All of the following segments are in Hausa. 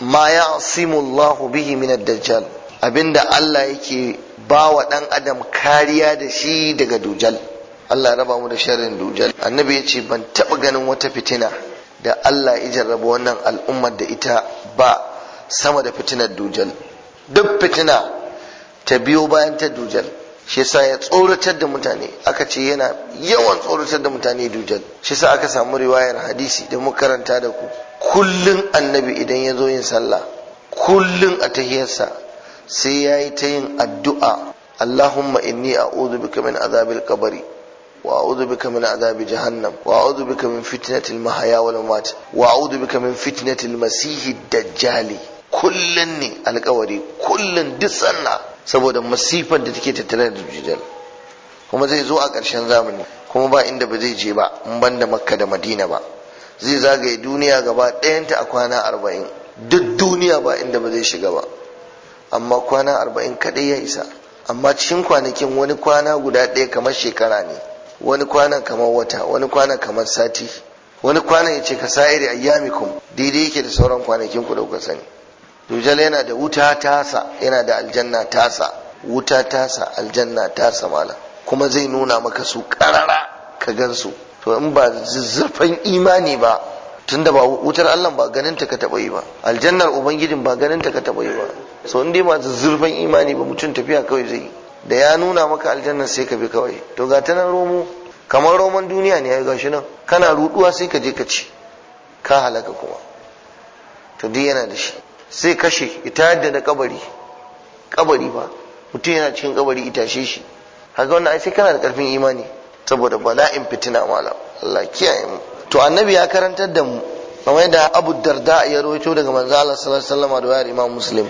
ma simullahu bihi min ad-dajjal abinda Allah yake ba wa dan adam kariya da shi daga dujal Allah raba mu da sharrin dujal annabi ya ce ban taba ganin wata fitina da Allah ya jarraba wannan al'ummar da ita ba sama da fitinar dujal duk fitina ta biyo bayan ta dujal shi yasa ya tsoratar da mutane aka ce yana yawan tsoratar da mutane dujal shi yasa aka samu riwayar hadisi da muka karanta da ku kullum annabi idan ya zo yin sallah kullun a tahiyarsa sai ya yi ta yin addu'a Allahumma inni a'udhu bika min azabil kabari wa a'udhu bika min azabi jahannam wa a'udhu bika min fitnatil mahaya wal mamat wa a'udhu bika min fitnatil masihid dajjali kullun ne alkawari kullun duk sanna saboda masifar da take tattare da dajjal kuma zai zo a ƙarshen zamani kuma ba inda ba zai je ba in banda makka da madina ba zai zagaye duniya gaba ɗayanta a kwana arba'in duk duniya ba inda ba zai shiga ba amma kwana arba'in kaɗai ya isa amma cikin kwanakin wani kwana guda ɗaya kamar shekara ne wani kwanan kamar wata wani kwana kamar sati wani kwana ya ce ka sa'iri ayyamikum daidai yake da sauran kwanakin ku da kuka sani dujal yana da wuta tasa yana da aljanna tasa wuta tasa aljanna tasa malam kuma zai nuna maka su karara ka gan su to in ba zurfan imani ba tunda ba wutar Allah ba ganin ta ka taba yi ba aljannar ubangijin ba ganin ta ka taba yi ba so in dai ba zurfan imani ba mutum tafiya kawai zai da ya nuna maka aljannar sai ka bi kawai to ga ta nan romo kamar roman duniya ne ya gashi nan kana ruduwa sai ka je ka ci ka halaka kuma to duk yana da shi sai kashe ita yadda na kabari kabari ba mutum yana cikin kabari itashe shi haka wannan ai sai kana da karfin imani saboda bala'in fitina malam Allah kiyaye mu to annabi ya karantar da mu kamar da Abu Darda ya rawaito daga manzo Allah sallallahu alaihi wasallam riwayar Imam Muslim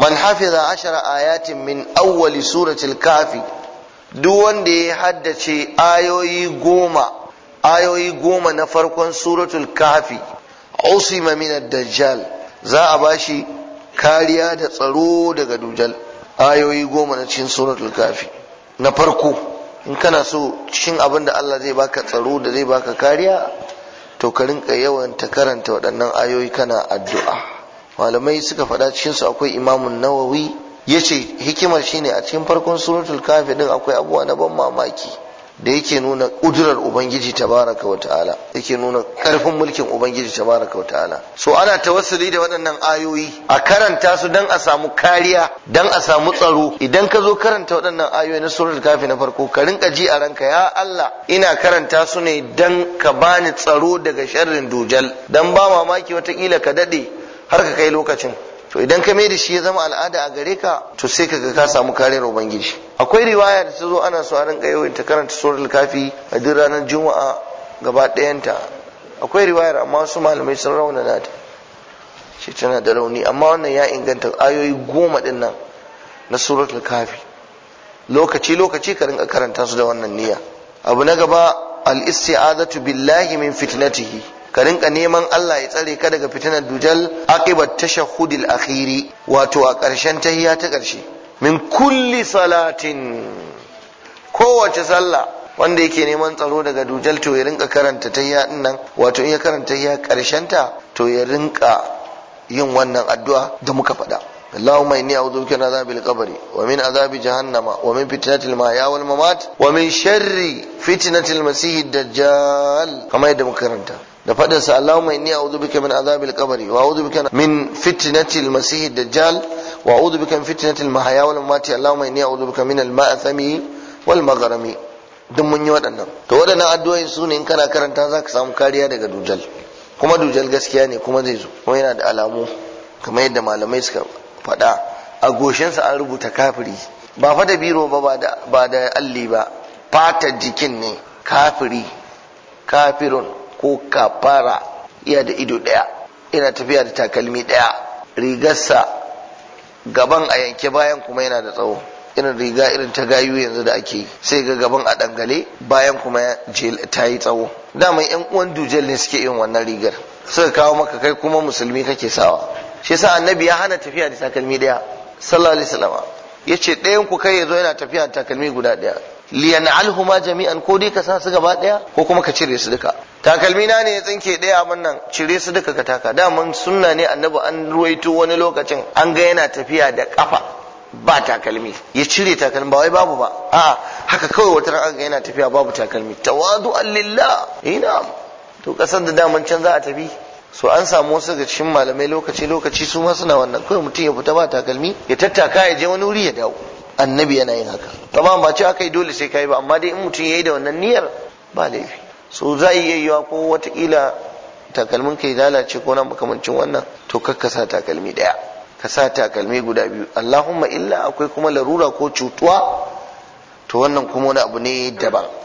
man hafiza ashara ayatin min awwali suratul kafi duk wanda ya haddace ayoyi goma ayoyi goma na farkon suratul kafi usima min dajjal za a bashi kariya da tsaro daga dujal ayoyi goma na cikin suratul kafi na farko in kana so cikin abin da Allah zai baka tsaro da zai baka kariya to ka rinka yawan ta karanta waɗannan ayoyi kana addu'a malamai suka faɗa cikin su akwai imamun nawawi yace hikimar shine a cikin farkon suratul kafi din akwai abubuwa na ban mamaki da yake nuna kudurar ubangiji tabaraka wa ta'ala yake nuna karfin mulkin ubangiji tabaraka wa ta'ala so ana tawassuli da waɗannan ayoyi a karanta su dan a samu kariya dan a samu tsaro idan ka zo karanta waɗannan ayoyi na suratul kafi na farko ka rinka ji a ranka ya Allah ina karanta su ne dan ka bani tsaro daga sharrin dujal dan ba mamaki watakila ka daɗe har ka kai lokacin to idan ka mai da shi ya zama al'ada a gare ka to sai ka ka samu kariyar ubangiji akwai riwaya da ta zo ana so a rinka yawan karanta suratul kafi a duk ranar juma'a gaba ɗayanta akwai riwayar amma wasu malamai sun na ta shi tana da rauni amma wannan ya inganta ayoyi goma din nan na suratul kafi lokaci lokaci ka rinka karanta su da wannan niyya abu na gaba al-isti'azatu billahi min fitnatihi ka rinka neman Allah ya tsare ka daga fitinar dujal aqibat tashahhudil akhiri wato a ƙarshen tahiya ta ƙarshe min kulli salatin kowace sallah wanda yake neman tsaro daga dujal to ya rinka karanta ta tayya nan wato in ya karanta ya karshen ta to ya rinka yin wannan addu'a da muka faɗa اللهم إني أعوذ بك من عذاب القبر ومن عذاب جهنم ومن فتنة المحيا والممات ومن شر فتنة المسيح الدجال كما muka karanta. da faɗin sa Allahumma inni a'udhu bika min azabil qabri wa a'udhu bika min fitnati al-masih ad-dajjal wa a'udhu bika min fitnati al-mahya wal mamati Allahumma inni a'udhu bika min al-ma'thami wal maghrami duk mun yi waɗannan to waɗannan addu'o'i su ne in kana karanta za ka samu kariya daga dujal kuma dujal gaskiya ne kuma zai zo kuma yana da alamu kamar yadda malamai suka faɗa a goshinsa an rubuta kafiri ba fa da biro ba ba da alli ba fatar jikin ne kafiri kafirun ko kafara iya da ido ɗaya yana tafiya da takalmi ɗaya rigarsa gaban a yanke bayan kuma yana da tsawo irin riga irin ta gayu yanzu da ake yi sai ga gaban a dangale bayan kuma ta yi tsawo dama yan uwan dujel ne suke yin wannan rigar suka kawo maka kai kuma musulmi kake sawa shi sa annabi ya hana tafiya da takalmi ɗaya sallallahu alaihi wasallam yace ɗayan ku kai yazo yana tafiya da takalmi guda ɗaya alhuma jami'an ko dai ka sa su gaba ɗaya, ko kuma ka cire su duka takalmi na ne ya tsinke ɗaya abin nan cire su duka kataka taka daman sunna ne annabi an ruwaito wani lokacin an ga yana tafiya da kafa ba takalmi ya cire takalmi ba wai babu ba a haka kawai wata ran an ga yana tafiya babu takalmi tawadu allillah. ina eh, to kasar da daman can za a tafi so an samu wasu ga cikin malamai lokaci lokaci su ma suna wannan kawai mutum ya fita ba takalmi ya tattaka ya je wani wuri ya dawo annabi yana yin haka tamam ba ce aka yi dole sai yi ba amma dai in mutum ya yi da wannan niyyar ba laifi so za a iya yiwa ko watakila takalmin ka ya lalace ko na makamancin wannan to kakka sa takalmi daya ka sa takalmi guda biyu allahumma illa akwai kuma larura ko cutuwa to wannan kuma wani abu ne daban